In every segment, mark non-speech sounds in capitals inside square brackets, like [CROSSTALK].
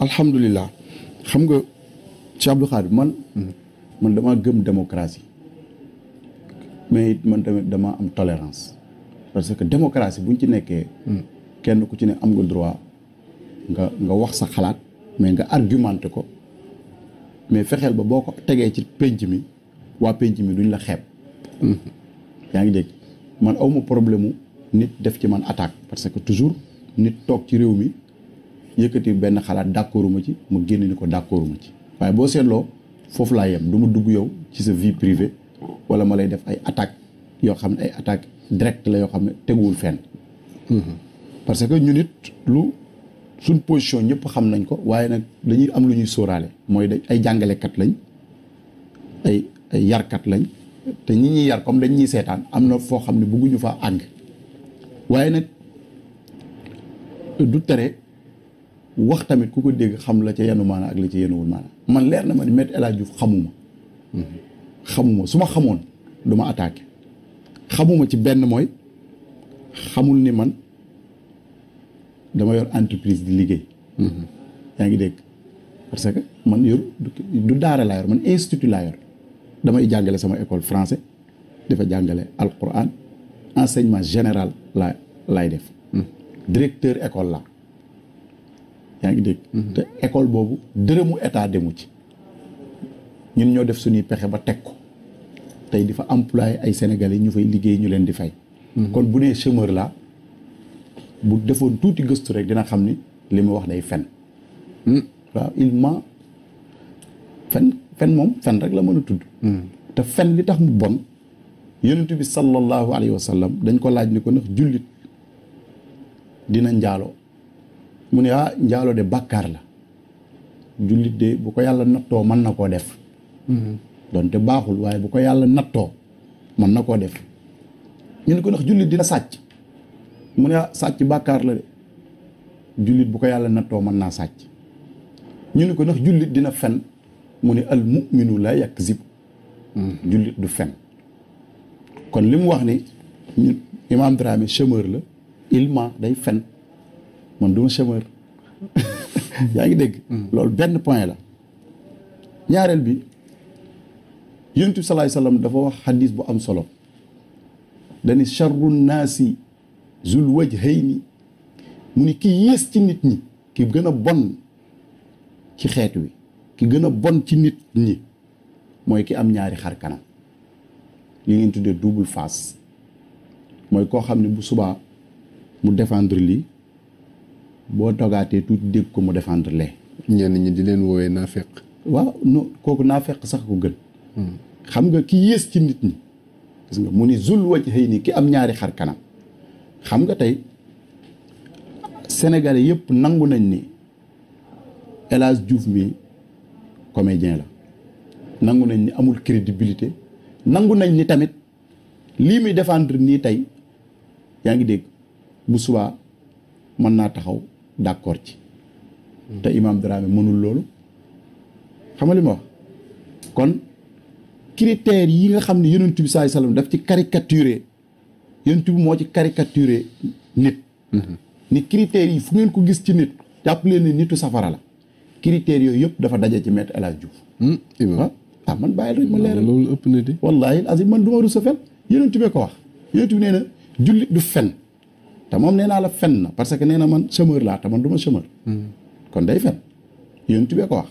alhamdulilah xam nga Cheikh Abdou bi man. man dama gëm démocratie mais it man tamit damaa am tolerance parce que démocratie buñ ci nekkee. kenn ku ci ne am nga droit nga nga wax sa xalaat mais nga argumenté ko mais fexeel ba boo ko tegee ci penc mi waa penc mi duñ la xeeb. yaa ngi dégg man awma problème mu nit def ci man attaque parce que toujours nit toog ci réew mi. yëkkati benn xalaat d'accorduma ci ma génn ni ko d'accorduma ci waaye boo seetloo foofu laa yem du ma dugg yow ci sa vie privée wala ma lay def ay attaques yoo xam ne ay attaques direct la yoo xam ne teguwul fenn. Mm-hmm. parce que ñun it lu suñ position ñëpp xam nañ ko waaye nag dañuy am lu ñuy sóoraale mooy dañ ay jàngalekat lañ ay ay yarkat lañ te ñi ñuy yar comme dañ ñuy seetaan am na foo xam ne bëgguñu fa àgg waaye nag du tere. wax tamit ku ko dégg xam la ca yenu maana ak la ca yenuwul maana man leer na man ni Maître El Hadji Diouf xamuma xamuma su ma xamoon du attaque xamuma ci benn mooy xamul ni man dama yor entreprise di liggéey yaa ngi dégg parce que man yor du daara laa yor man institut laa yor damay jàngale sama école français dafa jàngale al alquran enseignement général la laay def hmm. directeur école la yaa ngi dégg. Mhm. te école boobu dërëmu état demu ci. ñun ñoo def suñuy pexe ba teg ko tey di fa employé ay sénégalais ñu fay liggéey ñu leen di fey mhm. kon bu nee chômeur la bu defoon tuuti gëstu rek dina xam ni li mu wax day fen hmm. waaw il fen fen moom fen rek la mën a tudd. Hmm. te fen li tax mu bon yonent bi sallallahu alayhi wa sallam dañ ko laaj ni ko ndax jullit dina njaaloo mu ne ah njaalo de bàkkaar la jullit de bu ko yàlla nattoo mën na koo def mhm. donte baaxul waaye bu ko yàlla nattoo mën na koo def ñu ne ko ndax jullit dina sàcc mu ne ah sàcc bàkkaar la de jullit bu ko yàlla nattoo mën naa sàcc ñu ne ko ndax jullit dina fen mu ni al mu'minu la yakzib mhm. jullit du fen kon li mu wax ni ñu imaam Dramé chômeur la il ment day fen man du ma chômeur [LAUGHS] yaa ngi dégg. Hmm. loolu benn point la ñaareel bi yonent bi salaay salaam dafa wax xadis bu am solo dani charru naasi zul wajhayni mu ni ki yées ci nit ñi ki gën a bon ci xeet wi ki gën a bon ci nit ñi mooy ki am ñaari xar kanam li ngeen tuddee duubul face mooy koo xam ne bu subaa mu défendre lii boo toogaatee tuuti dégg ko mu défendre lee. ñenn ñi di leen woowee naa fekk. waaw non kooku naa fekk sax ko gën. Hmm. xam nga ki yées ci nit ñi. gis nga mu ni zul wajhayni ki am ñaari xar kanam. xam nga tey sénégalais yëpp nangu nañ ni El Hadj mi comédien la. nangu nañ ni amul crédibilité. nangu nañ ni tamit lii muy défendre nii tey yaa ngi dégg bu subaa mën naa taxaw. d'accord ci te Imam Dramé mënul loolu xam nga li ma wax kon critères yi nga xam ne yonent bi saai sallam daf ci caricaturer yonent bi moo ci caricaturer nit mhm. ni critères yi fu ngeen ko gis ci nit jàpp leen ne nitu safara la critères yooyu yëpp dafa daje ci maître El Hadj Diouf hmm, ah, ah man bàyyil rek ma leeral ëpp na de wallaahi man du ma rusa fen yonent bi ko wax yonent bi nee na jullit du fen te moom nee naa la fen na parce que nee na man chômeur laa te man du ma chômeur hmm. kon day fen yéen tubee ko wax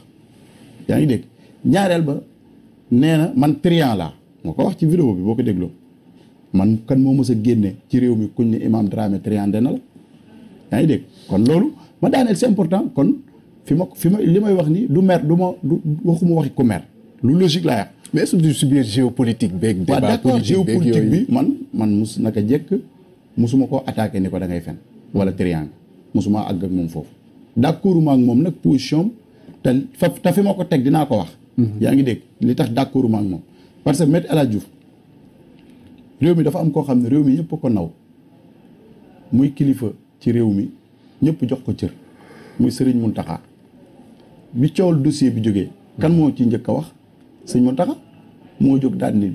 yaa ngi dégg ñaareel ba nee man trian laa moo ko wax ci vidéo bi boo ko dégloo man kan moo mës génne ci réew mi kuñ ne Imam Dramé trian de na la yaa ngi dégg kon loolu ma daaneel c'est important kon fi ma fi ma li may wax ni du mer du ma du waxuma waxi ku mer lu logique laa yàq mais est-ce que du subir géopolitique beeg débat politique bi man man mus naka jekk mosuma koo attaqué ni ko dangay ngay fen wala triangle musuma àgg ak moom foofu d'accord ma ak moom nag position te fa te fi ma ko teg dinaa ko wax mhm. yaa ngi dégg li tax d'accord ma moom parce que Me El Hadji réew mi dafa am koo xam ne réew mi ñëpp ko naw muy kilifa ci réew mi ñëpp jox ko cër muy sëriñ Muntaxa bi coowal dossier bi jógee kan moo ci njëkk a wax sëñ Muntaxa moo jóg daal ni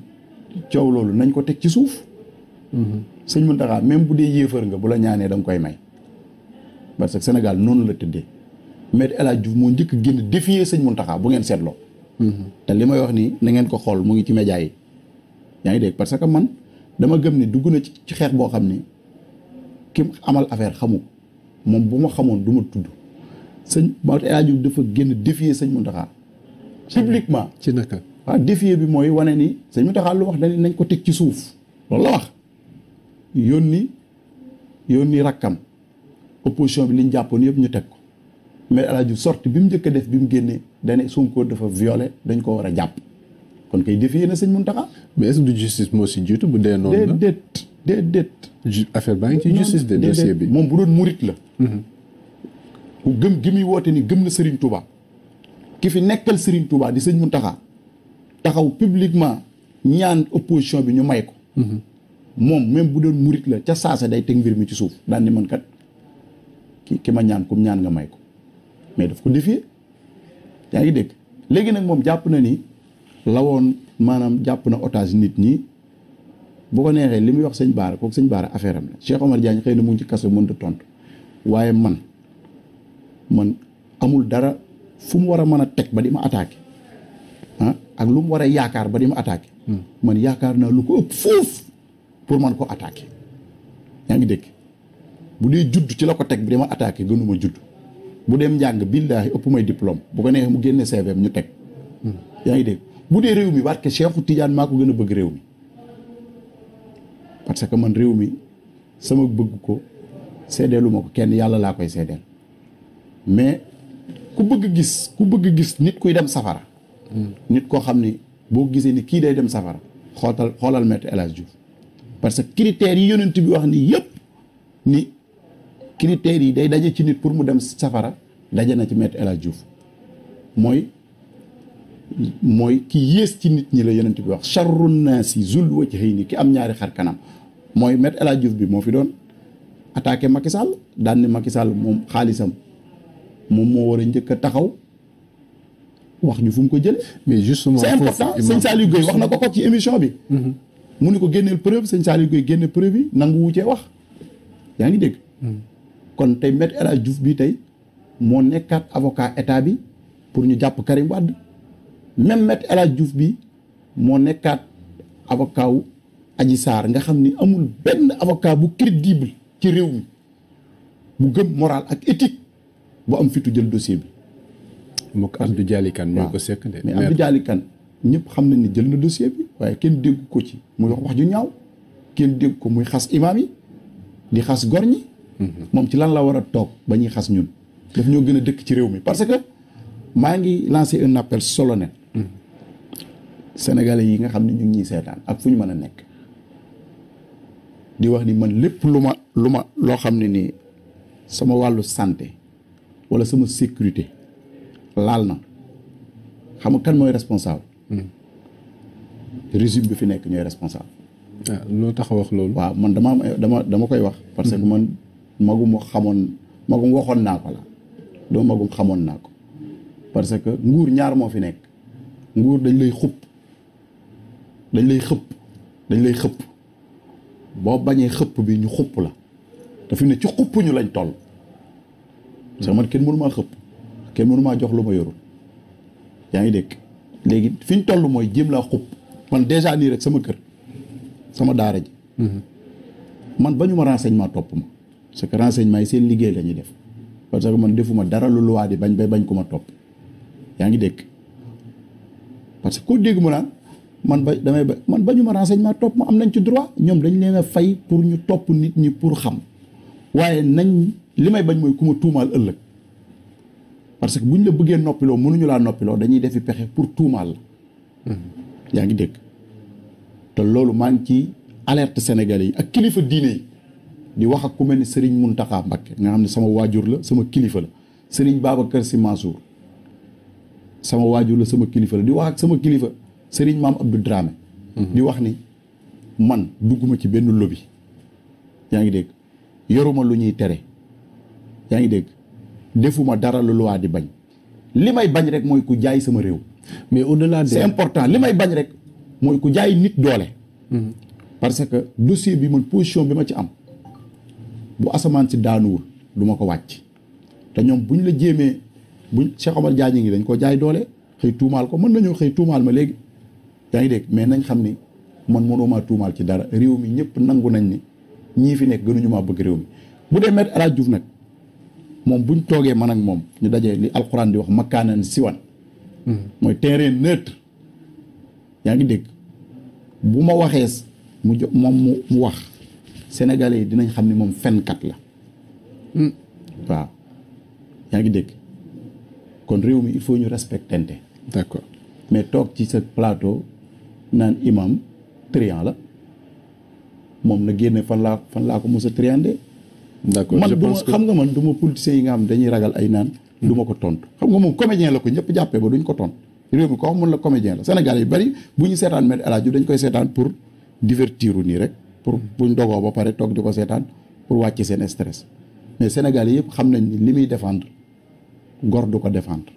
coow loolu nañ ko teg ci suuf sëñ Muntaxa même bu dee yéefar nga bu la ñaanee da koy may parce que Sénégal noonu la tëddee Maître El Hadj Diouf moo njëkk génn défier sëñ Muntaxa bu ngeen seetloo te li may wax nii na ngeen ko xool mu ngi ci média yi yaa ngi dégg parce que man dama gëm ni dugg na ci ci xeex boo xam ni kim amal affaire xamu moom bu ma xamoon du ma tudd sëñ Maître El dafa génn défier sëñ Muntaxa publiquement ci naka waa défier bi mooy wane ni sëñ Muntaxa lu wax dañ nañ ko teg ci suuf yónni yónni rakkam opposition bi liñ jàppoon yëpp ñu teg ko mais El Hadj Diouf bi mu njëkk a def bi mu génnee dane Sonko dafa violé dañ ko war a jàpp kon kay défier na sëñ Mountakha. mais est-ce que justice moo si jiitu bu dee noonu la déedéet affaire baa ngi ci justice de dossier bi moom bu doon murit la. Mm-hmm. ku gëm gi muy woote ni gëm na Serigne Touba. ki fi nekkal Serigne Touba di sëñ Mountakha taxaw publiquement ñaan opposition bi ñu may ko. Mm-hmm. moom même bu doon murit la ca saasa day teg mbir mi ci suuf daan ni man kat ki ki ma ñaan kum ñaan nga may ko mais daf ko défier yaa ngi dégg léegi nag moom jàpp na ni woon maanaam jàpp na otage nit ñi bu ko neexee li muy wax sëñ Baara kooku sëñ Baara affaire am la Cheikh Omar Diagne xëy na mu ngi ci mën mënut a tontu waaye man man amul dara fu mu war a mën a teg ba di ma attaqué ah ak lu mu war a yaakaar ba di ma attaqué. Hmm. man yaakaar naa lu ko ëpp foofu pour man ko attaqué yaa ngi dégg bu dee judd ci la ko teg bi dama attaqué gënuma judd bu dem njàng billaahi ëpp may diplôme bu ko neexee mu génne CVM ñu teg hmm. yaa ngi dégg bu dee réew mi barke Cheikhou Tidiane maa ko gën a bëgg réew mi parce que man réew mi sama bëgg ko seedeelu ma ko kenn yàlla laa koy seedeel mais ku bëgg gis ku bëgg gis nit kuy dem safara hmm. nit koo xam ni boo gisee ni kii day dem safara xootal xoolal Maître El Hadji Diouf parce que critères yi yonent bi wax nii yëpp ni critères yi day daje ci nit pour mu dem safara daje na ci Maître El Hadji Diouf mooy mooy ki yées ci nit ñi la yonent bi wax charru naasi zul wajhayni ki am ñaari xar kanam mooy Maître El jouf bi moo fi doon attaqué Macky Sall daan ni Macky Sall moom xaalisam moom moo war njëkk a taxaw wax ñu fu mu ko jële mais justement c'est important sëñ Saliou Gueye wax na ko ko ci émission bi mm-hmm. mu ni ko génneel preuve sëñ Saliou koy génne preuve yi nangu wu cee wax yaa ngi dégg. Hmm. kon tey maître El Hadj bii tey moo nekkaat avocat état bi pour ñu jàpp Karim Wade même maître El Hadj moo nekkaat avocat wu Adji nga xam ni amul benn avocat bu crédible ci réew mi bu gëm moral ak éthique bu am fitu jël dossier bi. mook Abdou Dialy Kane ñoo ko seq de. mais Abdou Dialy Kane ñëpp xam nañ ni jël na dossier bi waaye kenn dégg ko ci muy wax wax ju ñaaw kenn dégg ko muy xas imaam yi di xas gor ñi. Mhm. moom ci lan la war a toog ba ñuy xas ñun. daf ñoo gën a dëkk ci réew mi parce que maa ngi lancé un appel solennel. Mhm. Sénégalais yi nga xam ne ñu ngi ñuy seetaan ak fu ñu mën a nekk. di wax ni man lépp lu ma lu ma loo xam ne ni sama wàllu santé walla sama sécurité laal na xam nga kan mooy responsable. Hmm. régime bi fi nekk ñooy responsable. waaw ah, loo tax wax loolu. waaw man dama dama dama koy wax. parce que hmm. man magum xamoon magum waxoon naa ko la doo magum xamoon naa ko parce que nguur ñaar moo fi nekk nguur dañ lay xupp dañ lay xëpp dañ lay xëpp boo bañee xëpp bi ñu xupp la te fi ne ci xupp ñu lañ toll. parce que man kenn mënu maa xëpp kenn mënu maa jox lu ma yorul yaa ngi dégg. léegi fi ñu toll mooy jéem xub man dèjà nii rek sama kër sama daara ji. Mm-hmm. man ba ñu ma topp ma parce que renseignement yi seen liggéey la ñuy def parce que man defuma dara lu luwaa di bañ ba bañ ko ma topp yaa ngi dégg parce que koo dégg mu naan man ba damay ba man ba ñu ma topp ma am nañ ci droit ñoom dañ leen a fay pour ñu topp nit ñi pour xam waaye nañ li may bañ mooy ku ma tuumaal ëllëg parce que bu ñu la bëggee noppiloo mënuñu laa noppiloo dañuy defi pexe pour tuumaal la mm-hmm. yaa ngi dégg te loolu maa ngi ci alerte sénégalais yi ak kilifa diine yi di wax ak ku mel ni Serigne Mountakha Mbacké nga xam ne sama waajur la sama kilifa la Serigne Babacar Sy Mansour sama waajur la sama kilifa la di wax ak sama kilifa Serigne Maam Abdou Dramé mm-hmm. di wax ni man dugguma ci benn lobby yaa ngi dégg yoruma lu ñuy tere yaa ngi dégg defuma dara lu loi di bañ li may bañ rek mooy ku jaay sama réew. mais au-delà de c'est important li may bañ rek mooy ku jaay nit doole. Hmm. parce que dossier bi man position bi ma ci am bu asamaan si daanuwul duma ko wàcc te ñoom bu ñu la jéemee buñ Cheikh Omar Diagne ngi dañ ko jaay doole xëy tuumaal ko mën nañoo xëy tuumaal ma léegi yaa ngi dégg mais nañ xam ni man mënumaa tuumaal ci dara réew mi ñëpp nangu nañ ni ñii fi nekk gënuñu maa bëgg réew mi bu dee Me El nag. moom buñ toogee man ak moom ñu dajee li alxuraan di wax makkaanan siwan mooy terrain neutre yaa ngi dégg bu ma waxee mu jo moom mu wax sénégalais yi dinañ xam ni moom fenkat la hmm. waaw yaa ngi dégg kon réew mi il faut ñu respectante d'accord mais toog ci sa plateau naan imam trian la moom na génne fan laa fan laa ko mos a triandé d'accord man du ma xam nga man du ma politiciens yi nga xam dañuy ragal ay naan hmm. du ma ko tontu xam nga moom comédien la ko ñëpp jàppee ba duñ ko tontu réew mi ko wax mun la comédien la Sénégal yu bari bu ñu seetaan Me El Hadji dañ koy seetaan pour divertiru nii rek pour hmm. buñ dogoo ba pare toog di ko seetaan pour wàcc seen stress mais Sénégal yëpp xam nañ ni li muy défendre gor du ko défendre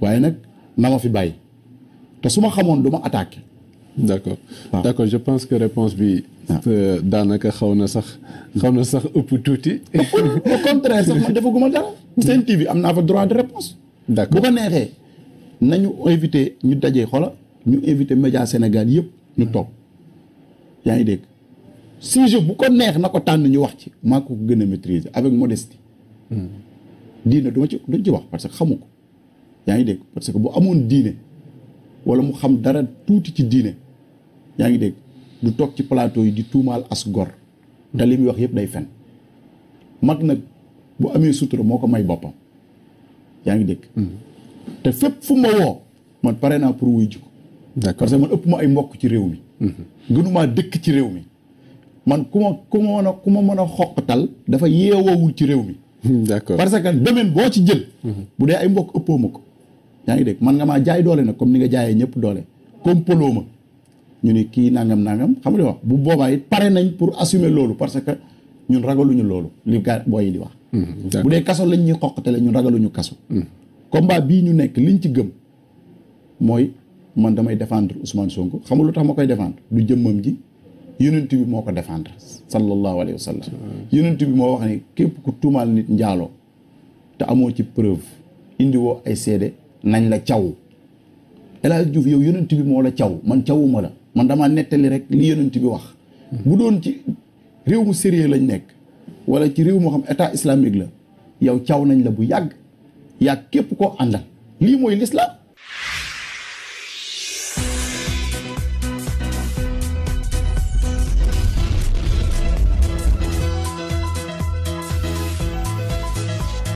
waaye nag na ma fi bàyyi te su ma xamoon du ma attaqué d' accord ah. d' je pense que réponse bi. Ah. Euh, daanaka xaw na sax xaw na sax ëpp tuuti. au contraire sax man defaguma dara. seen TV am naa fa droit de réponse d' accord bu ko neexee nañu invité ñu dajee xola ñu invité média Sénégal yëpp ñu toog yaa ngi dégg sujet bu ko neex na ko tànn ñu wax ci maa ko gën a maîtriser avec modestie. Hmm. diine du ci duñ ci wax parce que xamu ko yaa ngi dégg parce que bu amoon diine wala mu xam dara tuuti ci diine. yaa ngi dégg du toog ci palaato yi di tuumaal as gor te li muy wax yëpp day fen mag nag bu amee sutura moo ko may boppam yaa ngi dégg hmm. te fépp fu ma woo man pare naa pour wuy ji ko parce que man ëpp ma ay mbokk ci réew mi hmm. gënumaa dëkk ci réew mi man ku ma ku ma mën a ku ma mën a xoqtal dafa yeewoowul ci réew mi hmm, d'accord parce que domaine boo ci jël bu dee ay mbokk ëppoo ma ko yaa ngi dégg man nga maa jaay doole na comme ni nga jaayee ñëpp doole kompaloo ma ñu ni kii nangam nangam xam nga wax bu boobaa it pare nañ pour assumer loolu parce que ñun ragaluñu loolu li gaa booy yi di wax. Mm-hmm. bu dee kaso lañ ñuy xoqatale ñun ragaluñu kaso. Mm-hmm. combat bii ñu nekk liñ ci gëm mooy man damay defendre Ousmane Sonko xam nga lu tax ma koy défendre du jëmmam ji yonent bi moo ko défendre. sallallahu alayhi wa sallam. Mm-hmm. yonent bi moo wax ne képp ku tuumaal nit njaaloo te amoo ci preuve indiwoo ay seede nañ la caw. El Hadj Diouf yow yonent bi moo la caw man cawuma la man damaa nettali rek li yonent bi wax bu doon ci réew mu sérieux lañ nekk wala ci réew moo xam état islamique la yow caw nañ la bu yàgg yàgg képp koo àndal lii mooy l'islam